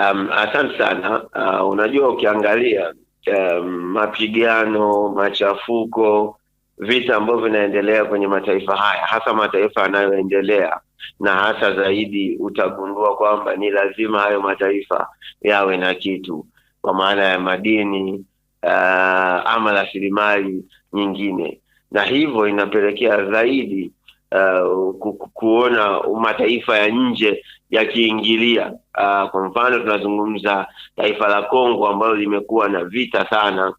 Um, asante sana. Uh, unajua ukiangalia um, mapigano, machafuko, vita ambavyo vinaendelea kwenye mataifa haya, hasa mataifa yanayoendelea na hasa zaidi, utagundua kwamba ni lazima hayo mataifa yawe na kitu kwa maana ya madini uh, ama rasilimali nyingine, na hivyo inapelekea zaidi uh, kuona mataifa ya nje yakiingilia. Uh, kwa mfano tunazungumza taifa la Kongo ambalo limekuwa na vita sana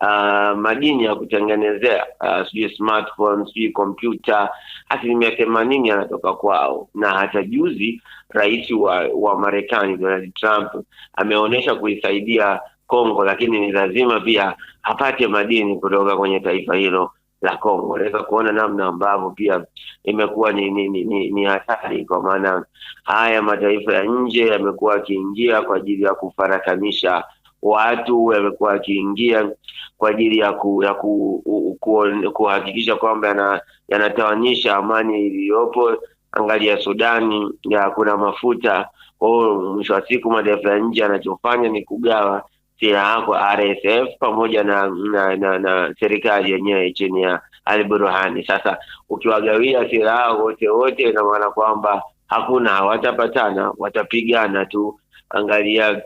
Uh, madini ya kutengenezea uh, sijui smartphone sijui kompyuta asilimia themanini yanatoka kwao, na hata juzi rais wa, wa Marekani Donald Trump ameonyesha kuisaidia Kongo, lakini ni lazima pia apate madini kutoka kwenye taifa hilo la Kongo. Unaweza kuona namna ambavyo pia imekuwa ni, ni, ni, ni hatari kwa maana haya mataifa ya nje yamekuwa yakiingia kwa ajili ya kufarakanisha watu yamekuwa yakiingia kwa ajili ya, ku, ya ku, ku, ku, kuhakikisha kwamba yanatawanyisha yana amani iliyopo. Angalia Sudani ya kuna mafuta. Kwa hiyo mwisho wa siku mataifa ya nje yanachofanya ni kugawa silaha kwa RSF pamoja na na, na, na serikali yenyewe chini ya Ali Burhani. Sasa ukiwagawia silaha wote wote, inamaana kwamba hakuna, hawatapatana, watapigana tu. Angalia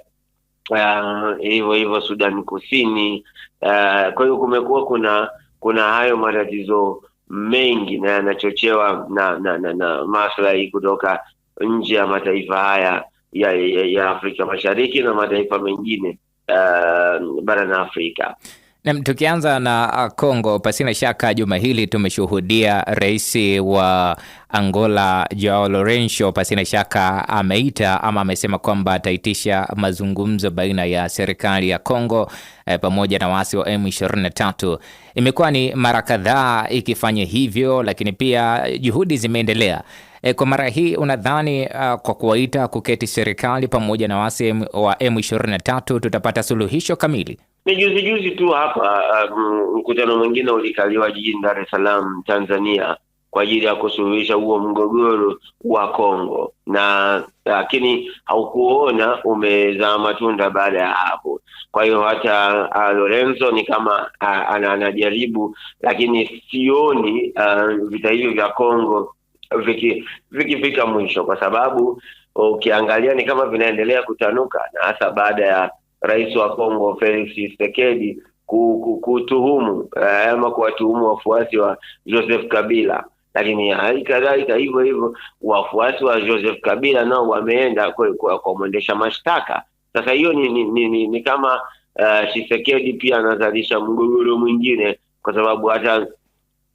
uh, hivyo uh, hivyo Sudan Kusini. Uh, kwa hiyo kumekuwa kuna kuna hayo matatizo mengi na yanachochewa na, na, na, na maslahi kutoka nje ya mataifa haya ya, ya, ya Afrika Mashariki na mataifa mengine uh, barani Afrika. Nam, tukianza na uh, congo pasina shaka juma hili tumeshuhudia rais wa Angola Joao Lourenco, pasina shaka ameita ama amesema kwamba ataitisha mazungumzo baina ya serikali ya congo e, pamoja na waasi wa M23. Imekuwa ni mara kadhaa ikifanya hivyo, lakini pia juhudi zimeendelea E, kwa mara hii unadhani uh, kwa kuwaita kuketi serikali pamoja na wasi wa M23 tutapata suluhisho kamili? Ni juzi juzi tu hapa um, mkutano um, mwingine ulikaliwa jijini Dar es Salaam, Tanzania kwa ajili ya kusuluhisha huo mgogoro wa Kongo, na lakini haukuona umezaa matunda baada ya hapo. Kwa hiyo hata uh, Lorenzo ni kama uh, anajaribu, lakini sioni uh, vita hivyo vya Kongo viki, vikifika mwisho, kwa sababu ukiangalia ni kama vinaendelea kutanuka, na hasa baada ya rais wa Kongo Felix Tshisekedi kutuhumu eh, ama kuwatuhumu wafuasi wa Joseph Kabila lakini hali kadhalika hivyo hivyo wafuasi wa Joseph Kabila nao wameenda kwa mwendesha mashtaka. Sasa hiyo ni, ni, ni, ni, ni kama eh, Tshisekedi uh, pia anazalisha mgogoro mwingine, kwa sababu hata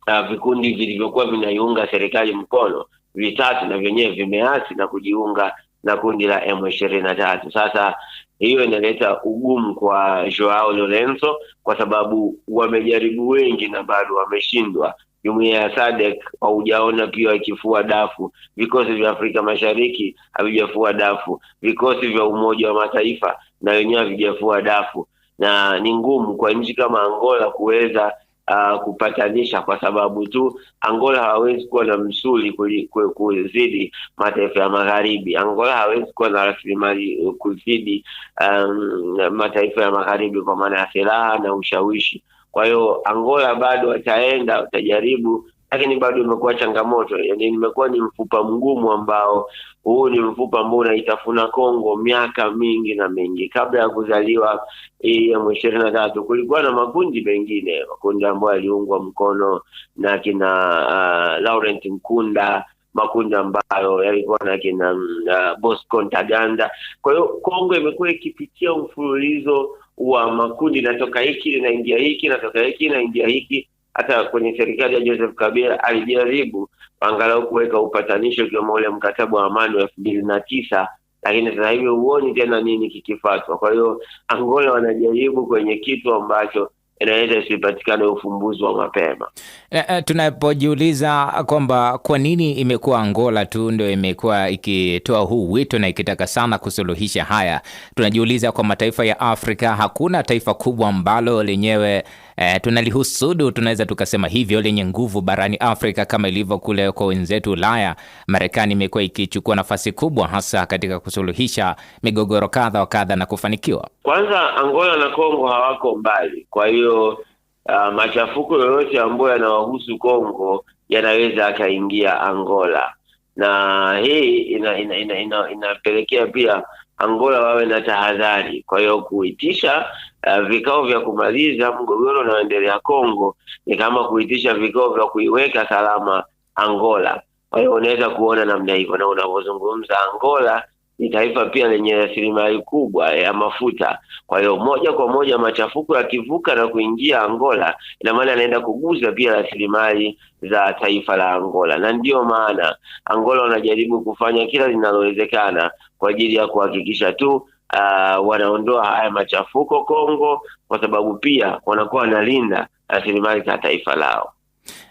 uh, vikundi vilivyokuwa vinaiunga serikali mkono vitatu na vyenyewe vimeasi na kujiunga na kundi la m tatu Sasa hiyo inaleta ugumu kwa Joao Lorenzo kwa sababu wamejaribu wengi na bado wameshindwa. jumuia ya sadek haujaona pia wakifua dafu, vikosi vya Afrika Mashariki havijafua dafu, vikosi vya Umoja wa Mataifa na wenyewe havijafua dafu, na ni ngumu kwa nchi kama Angola kuweza uh, kupatanisha kwa sababu tu Angola hawezi kuwa na msuli kuzidi mataifa ya magharibi. Angola hawezi kuwa na rasilimali eh, kuzidi um, mataifa ya magharibi kwa maana ya silaha na ushawishi. Kwa hiyo Angola bado wataenda watajaribu lakini bado imekuwa changamoto. Yani nimekuwa ni mfupa mgumu ambao huu ni mfupa ambao unaitafuna Kongo miaka mingi na mingi. Kabla ya kuzaliwa hii ya ishirini na tatu kulikuwa na makundi mengine, makundi ambayo yaliungwa mkono na kina uh, Laurent Mkunda makundi ambayo yalikuwa na kina uh, Bosco Ntaganda. Kwa hiyo Kongo imekuwa ikipitia mfululizo wa makundi, natoka hiki linaingia hiki, natoka hiki linaingia hiki, hata kwenye serikali ya Joseph Kabila alijaribu angalau kuweka upatanisho ikiwemo ule mkataba wa amani wa elfu mbili na tisa lakini sasa hivi huoni tena nini kikifatwa. Kwa hiyo Angola wanajaribu kwenye kitu ambacho inaweza isipatikane ufumbuzi wa mapema. Eh, eh, tunapojiuliza kwamba kwa nini imekuwa Angola tu ndio imekuwa ikitoa huu wito na ikitaka sana kusuluhisha haya, tunajiuliza kwa mataifa ya Afrika, hakuna taifa kubwa ambalo lenyewe e, tunalihusudu tunaweza tukasema hivyo, lenye nguvu barani Afrika kama ilivyo kule kwa wenzetu Ulaya. Marekani imekuwa ikichukua nafasi kubwa, hasa katika kusuluhisha migogoro kadha wa kadha na kufanikiwa. Kwanza, Angola na Kongo hawako mbali, kwa hiyo uh, machafuko yoyote ambayo yanawahusu Kongo yanaweza akaingia Angola, na hii ina, ina, ina, ina, inapelekea pia Angola wawe na tahadhari. Kwa hiyo kuitisha uh, vikao vya kumaliza mgogoro unaoendelea Kongo ni kama kuitisha vikao vya kuiweka salama Angola. Kwa hiyo unaweza kuona namna hivyo, na unavyozungumza Angola ni taifa pia lenye rasilimali kubwa eh, ya mafuta. Kwa hiyo moja kwa moja machafuko yakivuka na kuingia Angola, ina maana anaenda kuguza pia rasilimali za taifa la Angola, na ndiyo maana Angola wanajaribu kufanya kila linalowezekana kwa ajili ya kuhakikisha tu Uh, wanaondoa haya machafuko Kongo, kwa sababu pia wanakuwa wanalinda rasilimali za taifa lao.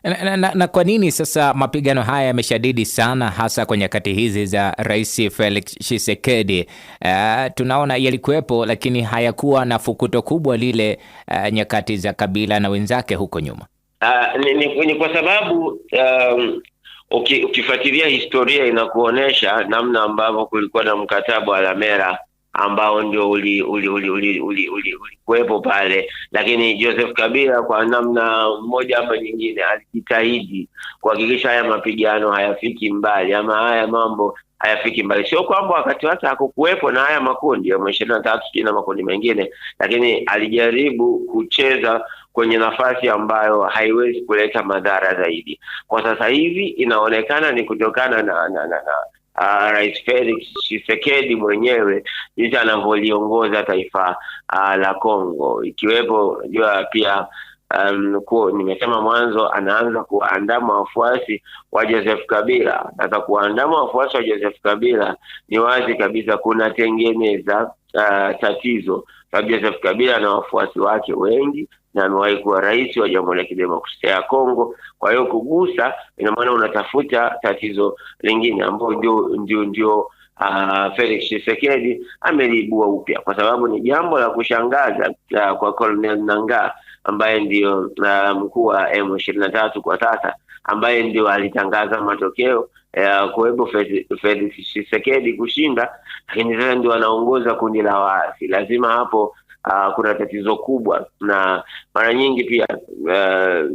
Na, na, na, na kwa nini sasa mapigano haya yameshadidi sana hasa kwa nyakati hizi za Rais Felix Tshisekedi? Uh, tunaona yalikuwepo lakini hayakuwa na fukuto kubwa lile uh, nyakati za Kabila na wenzake huko nyuma. Uh, ni, ni, ni kwa sababu um, ukifuatilia historia inakuonyesha namna ambavyo kulikuwa na mkataba wa Lamera ambao ndio ulikuwepo uli, uli, uli, uli, uli, uli pale, lakini Joseph Kabila kwa namna mmoja ama nyingine alijitahidi kuhakikisha haya mapigano hayafiki mbali ama haya mambo hayafiki mbali. Sio kwamba wakati wake hakukuwepo na haya makundi ya ishirini na tatu na makundi mengine, lakini alijaribu kucheza kwenye nafasi ambayo haiwezi kuleta madhara zaidi. Kwa sasa hivi inaonekana ni kutokana na, na, na, na uh, Rais Felix Tshisekedi mwenyewe jinsi anavyoliongoza taifa uh, la Kongo, ikiwepo jua pia um, nimesema mwanzo anaanza kuandama wafuasi wa Joseph Kabila. Sasa kuandama wafuasi wa Joseph Kabila ni wazi kabisa kunatengeneza uh, tatizo sababu Joseph Kabila na wafuasi wake wengi na amewahi kuwa rais wa Jamhuri ya Kidemokrasia ya Kongo. Kwa hiyo kugusa, ina maana unatafuta tatizo lingine ambao ndio ndio Uh, Felix Tshisekedi ameliibua upya kwa sababu ni jambo la kushangaza uh, kwa Colonel nanga ambaye ndio uh, mkuu wa M23 kwa sasa ambaye ndio alitangaza matokeo ya uh, kuwepo Felix Tshisekedi kushinda, lakini sasa ndio anaongoza kundi la waasi. Lazima hapo uh, kuna tatizo kubwa, na mara nyingi pia uh,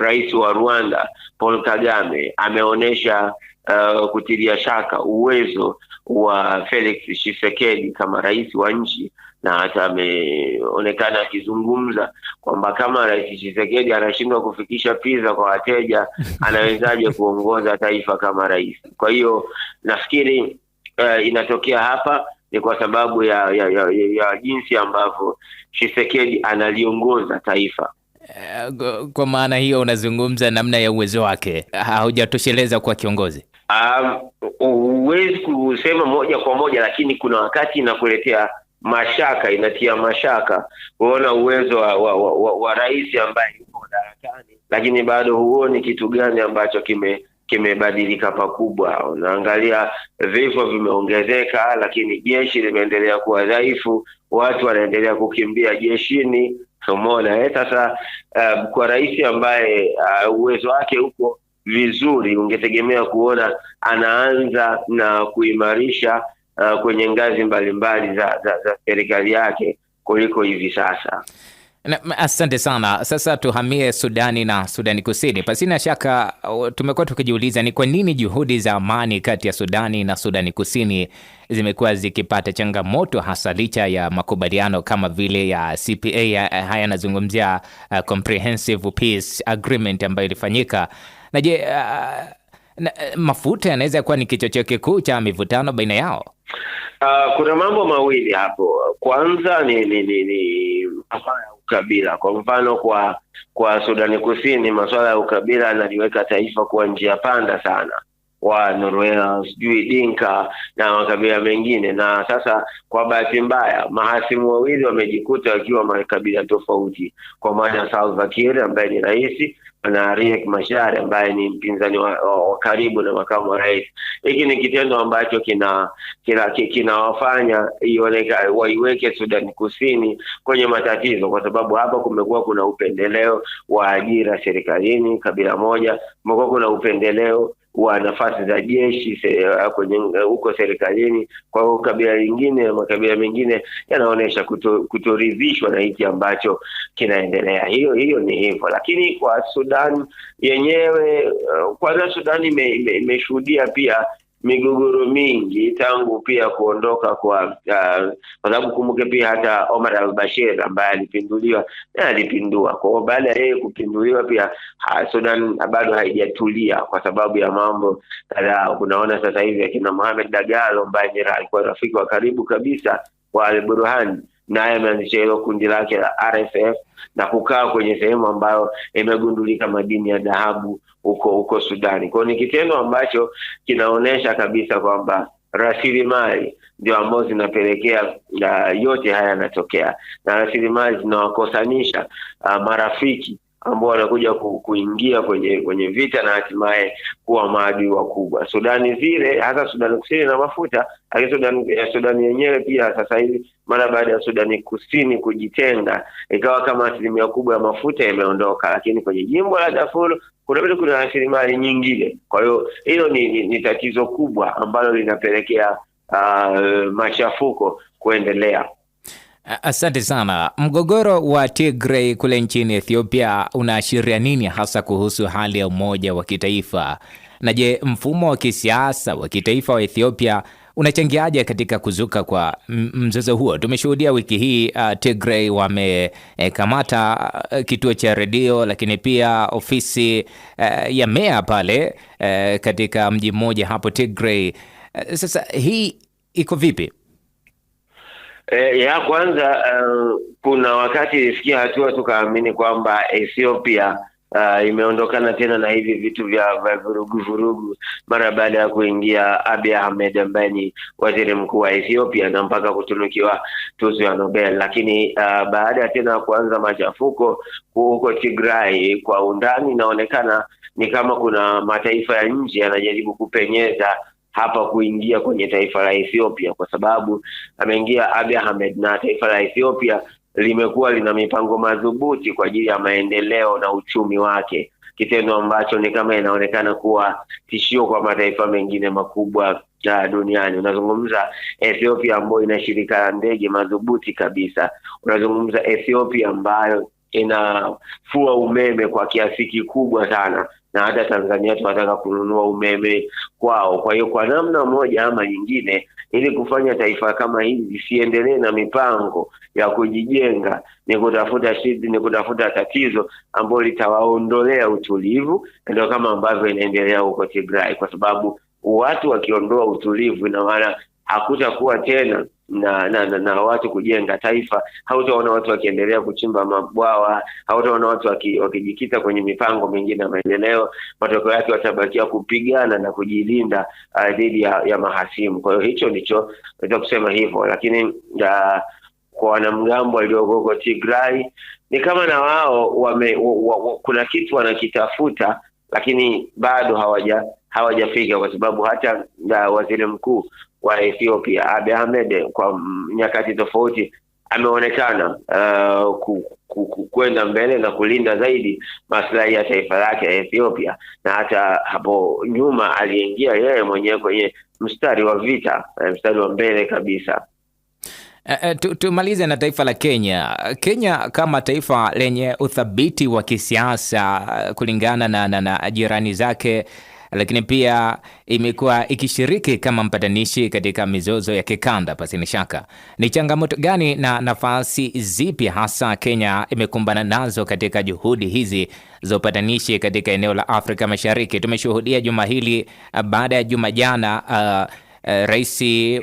rais wa Rwanda Paul Kagame ameonyesha uh, eh, kutilia shaka uwezo wa Felix chisekedi kama rais wa nchi na hata ameonekana akizungumza kwamba kama rais chisekedi anashindwa kufikisha piza kwa wateja, anawezaje kuongoza taifa kama rais? Kwa hiyo nafikiri uh, inatokea hapa ni kwa sababu ya ya, ya, ya jinsi ambavyo Tshisekedi analiongoza taifa. Eh, kwa maana hiyo unazungumza namna ya uwezo wake, haujatosheleza kuwa kiongozi. Um, huwezi um, kusema moja kwa moja, lakini kuna wakati inakuletea mashaka, inatia mashaka kuona uwezo wa, wa, wa, wa, wa rais ambaye yuko madarakani, lakini bado huoni kitu gani ambacho kime kimebadilika pakubwa. Unaangalia vifo vimeongezeka, lakini jeshi limeendelea kuwa dhaifu, watu wanaendelea kukimbia jeshini. Umeona eh? Sasa uh, kwa rais ambaye uh, uwezo wake uko vizuri, ungetegemea kuona anaanza na kuimarisha uh, kwenye ngazi mbalimbali mbali za, za, za serikali yake kuliko hivi sasa asante sana. Sasa tuhamie Sudani na Sudani Kusini. Pasina shaka uh, tumekuwa tukijiuliza ni kwa nini juhudi za amani kati ya Sudani na Sudani Kusini zimekuwa zikipata changamoto hasa licha ya makubaliano kama vile ya CPA. Haya yanazungumzia uh, Comprehensive Peace Agreement ambayo ilifanyika. Na je, uh, na, uh, mafuta yanaweza kuwa ni kichocheo kikuu cha mivutano baina yao? Uh, kuna mambo mawili hapo. Kwanza ni, ni, ni, ni ukabila. Kwa mfano kwa kwa Sudani Kusini, masuala ya ukabila analiweka taifa kuwa njia panda sana wa Norwea, sijui Dinka na makabila mengine. Na sasa kwa bahati mbaya, mahasimu wawili wamejikuta wakiwa makabila tofauti, kwa maana Salva Kiir ambaye ni rais na Riek Machar ambaye ni mpinzani wa, wa, wa karibu na makamu wa rais. Hiki ni kitendo ambacho kina kinawafanya kina waiweke Sudan Kusini kwenye matatizo, kwa sababu hapa kumekuwa kuna upendeleo wa ajira serikalini kabila moja, kumekuwa kuna upendeleo wa nafasi za jeshi eh, eh, huko serikalini. Kwa hiyo kabila lingine, makabila mengine yanaonyesha kutoridhishwa na hiki ambacho kinaendelea. Hiyo hiyo ni hivyo, lakini kwa Sudan yenyewe, eh, kwanza Sudan imeshuhudia pia migogoro mingi tangu pia kuondoka kwa uh, kwa sababu kumbuke pia hata Omar al-Bashir ambaye alipinduliwa na alipindua. Kwa hiyo baada ya yeye kupinduliwa pia ha, Sudan bado haijatulia kwa sababu ya mambo kadhaa. Unaona sasa hivi akina Mohamed Dagalo ambaye alikuwa rafiki wa karibu kabisa wa al-Burhan naye ameanzisha hilo kundi lake la RFF na kukaa kwenye sehemu ambayo imegundulika madini ya dhahabu huko huko Sudani. kwao ni kitendo ambacho kinaonyesha kabisa kwamba rasilimali ndio ambazo zinapelekea uh, yote haya yanatokea, na rasilimali zinawakosanisha uh, marafiki ambao wanakuja ku, kuingia kwenye kwenye vita na hatimaye kuwa maadui wakubwa. Sudani zile hasa Sudani Kusini na mafuta, lakini Sudani eh, Sudani yenyewe pia sasa hivi mara baada ya Sudani Kusini kujitenga ikawa kama asilimia kubwa ya mafuta imeondoka, lakini kwenye jimbo la Darfur kuna vitu, kuna rasilimali nyingine. Kwa hiyo hilo ni, ni, ni tatizo kubwa ambalo linapelekea uh, machafuko kuendelea. Asante sana. Mgogoro wa Tigray kule nchini Ethiopia unaashiria nini hasa kuhusu hali ya umoja wa kitaifa? Na je, mfumo wa kisiasa wa kitaifa wa Ethiopia unachangiaje katika kuzuka kwa mzozo huo? Tumeshuhudia wiki hii uh, Tigray wamekamata uh, kituo cha redio lakini pia ofisi uh, ya meya pale uh, katika mji mmoja hapo Tigray. Uh, sasa hii iko vipi? Eh, ya kwanza uh, kuna wakati ilifikia hatua tukaamini kwamba Ethiopia uh, imeondokana tena na hivi vitu vya vurugu vurugu mara baada ya kuingia Abiy Ahmed ambaye ni waziri mkuu wa Ethiopia na mpaka kutunukiwa tuzo ya Nobel. Lakini uh, baada ya tena kuanza machafuko huko Tigray kwa undani, inaonekana ni kama kuna mataifa ya nje yanajaribu kupenyeza hapa kuingia kwenye taifa la Ethiopia, kwa sababu ameingia Abiy Ahmed na taifa la Ethiopia limekuwa lina mipango madhubuti kwa ajili ya maendeleo na uchumi wake, kitendo ambacho ni kama inaonekana kuwa tishio kwa mataifa mengine makubwa ah, duniani. Unazungumza Ethiopia ambayo ina shirika la ndege madhubuti kabisa, unazungumza Ethiopia ambayo inafua umeme kwa kiasi kikubwa sana, na hata Tanzania tunataka kununua umeme kwao. Kwa hiyo kwa namna moja ama nyingine, ili kufanya taifa kama hili lisiendelee na mipango ya kujijenga, ni kutafuta shida, ni kutafuta tatizo ambalo litawaondolea utulivu, ndio kama ambavyo inaendelea huko Tigray, kwa sababu watu wakiondoa utulivu, ina maana hakutakuwa tena na, na, na, na watu kujenga taifa. Hautaona watu wakiendelea kuchimba mabwawa, hautaona watu wakijikita waki kwenye mipango mingine ya maendeleo. Matokeo yake watabakia kupigana na kujilinda uh, dhidi ya, ya mahasimu. Kwa hiyo hicho ndicho naweza kusema hivyo, lakini uh, kwa wanamgambo waliogogo Tigray ni kama na wao wame, wa, wa, kuna kitu wanakitafuta lakini bado hawaja hawajafika kwa sababu hata uh, waziri mkuu wa Ethiopia Abiy Ahmed kwa nyakati tofauti ameonekana uh, kwenda mbele na kulinda zaidi maslahi ya taifa lake ya Ethiopia, na hata hapo nyuma aliingia yeye mwenyewe kwenye mstari wa vita, eh, mstari wa mbele kabisa. Uh, tumalize na taifa la Kenya. Kenya kama taifa lenye uthabiti wa kisiasa kulingana na, na, na jirani zake lakini pia imekuwa ikishiriki kama mpatanishi katika mizozo ya kikanda. Pasina shaka ni changamoto gani na nafasi zipi hasa Kenya imekumbana nazo katika juhudi hizi za upatanishi katika eneo la Afrika Mashariki? Tumeshuhudia juma hili uh, baada ya juma jana uh, Uh, Rais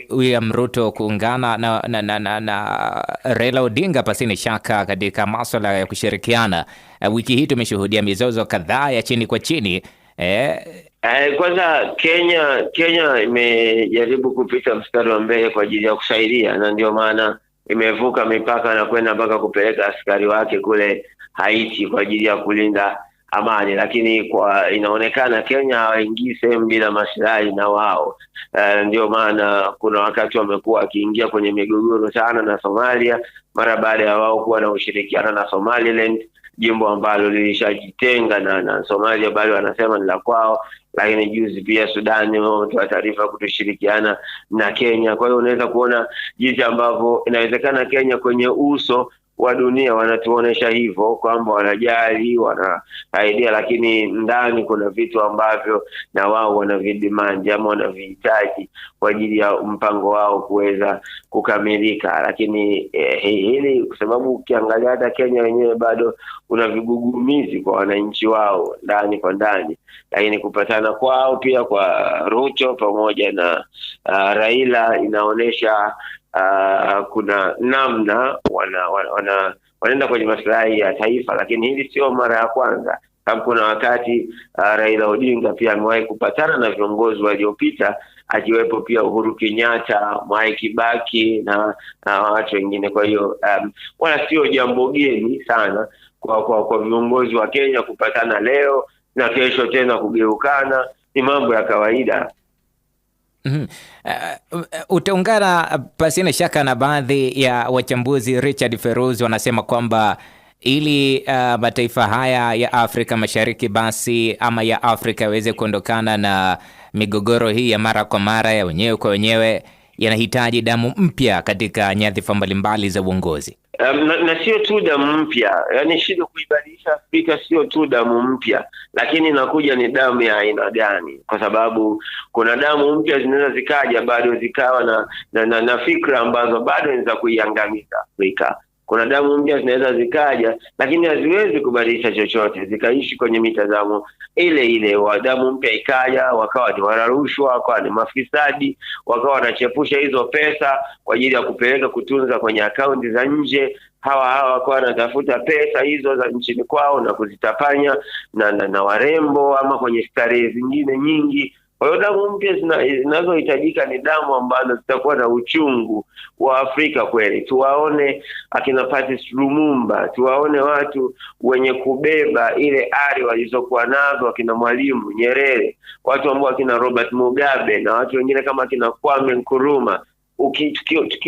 William Ruto kuungana na, na, na, na, na Raila Odinga pasini shaka katika maswala ya kushirikiana. Uh, wiki hii tumeshuhudia mizozo kadhaa ya chini kwa chini eh, Eh, kwanza Kenya Kenya imejaribu kupita mstari wa mbele kwa ajili ya kusaidia, na ndio maana imevuka mipaka na kwenda mpaka kupeleka askari wake kule Haiti kwa ajili ya kulinda amani, lakini kwa inaonekana Kenya hawaingii sehemu bila masilahi na wao. Eh, ndio maana kuna wakati wamekuwa wakiingia kwenye migogoro sana na Somalia mara baada ya wao kuwa na ushirikiano na Somaliland jimbo ambalo lilishajitenga na, na Somalia bado wanasema ni la kwao, lakini juzi pia Sudani wametoa taarifa kutoshirikiana na Kenya. Kwa hiyo unaweza kuona jinsi ambavyo inawezekana Kenya kwenye uso wa dunia wanatuonesha hivyo kwamba wanajali, wanasaidia, lakini ndani kuna vitu ambavyo na wao wanavidimandi ama wanavihitaji kwa ajili ya mpango wao kuweza kukamilika. Lakini eh, hili kwa sababu ukiangalia hata Kenya wenyewe bado kuna vigugumizi kwa wananchi wao ndani kwa ndani, lakini kupatana kwao pia kwa Ruto pamoja na uh, Raila inaonyesha uh, kuna namna wana, wana, wana, wanaenda kwenye masilahi ya taifa, lakini hili sio mara ya kwanza. Sababu kuna wakati uh, Raila Odinga pia amewahi kupatana na viongozi waliopita akiwepo pia Uhuru Kenyatta, Mwai Kibaki na na watu wengine. Kwa hiyo um, wala sio jambo geni sana kwa kwa, kwa viongozi wa Kenya kupatana leo na kesho tena kugeukana, ni mambo ya kawaida. Mm -hmm. Uh, utaungana eh, pasina shaka na baadhi ya wachambuzi. Richard Feruzi wanasema kwamba ili uh, mataifa haya ya Afrika Mashariki basi ama ya Afrika yaweze kuondokana na migogoro hii ya mara kwa mara ya wenyewe kwa wenyewe, yanahitaji damu mpya katika nyadhifa mbalimbali za uongozi. Um, na, na sio tu damu mpya, yaani shida kuibadilisha Afrika sio tu damu mpya, lakini inakuja ni damu ya aina gani, kwa sababu kuna damu mpya zinaweza zikaja bado zikawa na, na, na, na fikra ambazo bado ni za kuiangamiza Afrika. Kuna damu mpya zinaweza zikaja, lakini haziwezi kubadilisha chochote, zikaishi kwenye mitazamo ile ile. Damu mpya ikaja, wakawa ni wanarushwa, wakawa ni mafisadi, wakawa wanachepusha hizo pesa kwa ajili ya kupeleka kutunza kwenye akaunti za nje hawa hawa wakawa wanatafuta pesa hizo za nchini kwao na kuzitapanya na, na, na warembo ama kwenye starehe zingine nyingi kwa hiyo damu mpya zinazohitajika ni damu ambazo zitakuwa na uchungu wa Afrika kweli. Tuwaone akina Patrice Lumumba, tuwaone watu wenye kubeba ile ari walizokuwa nazo akina Mwalimu Nyerere, watu ambao akina Robert Mugabe na watu wengine kama akina Kwame Nkrumah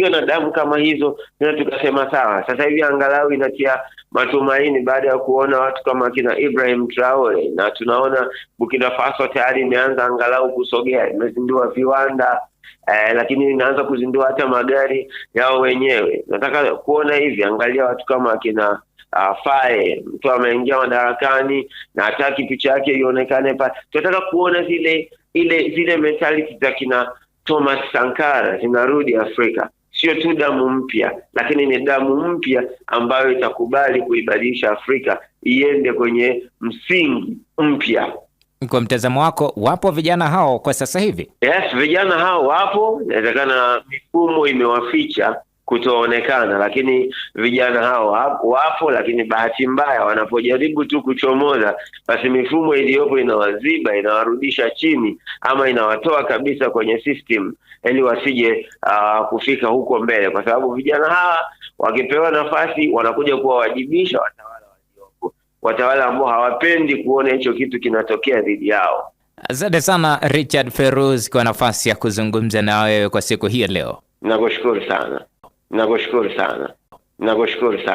na damu kama hizo na tukasema sawa, sasa hivi angalau inatia matumaini baada ya kuona watu kama kina Ibrahim Traore, na tunaona Burkina Faso tayari imeanza angalau kusogea, imezindua viwanda eh, lakini inaanza kuzindua hata magari yao wenyewe. Nataka kuona hivi, angalia watu kama akina Uh, ah, fae mtu ameingia madarakani na hataki picha yake ionekane pale. Tunataka kuona zile ile zile mentality za kina Thomas Sankara zinarudi Afrika, sio tu damu mpya, lakini ni damu mpya ambayo itakubali kuibadilisha Afrika iende kwenye msingi mpya. Kwa mtazamo wako, wapo vijana hao kwa sasa hivi? Yes, vijana hao wapo. Inawezekana mifumo imewaficha, kutoonekana, lakini vijana hao wapo, lakini bahati mbaya wanapojaribu tu kuchomoza, basi mifumo iliyopo inawaziba, inawarudisha chini, ama inawatoa kabisa kwenye system ili wasije uh, kufika huko mbele, kwa sababu vijana hawa wakipewa nafasi wanakuja kuwawajibisha watawala waliopo, watawala ambao hawapendi kuona hicho kitu kinatokea dhidi yao. Asante sana Richard Feruz kwa nafasi ya kuzungumza na wewe kwa siku hii leo. Nakushukuru sana. Nakushukuru sana, nakushukuru sana.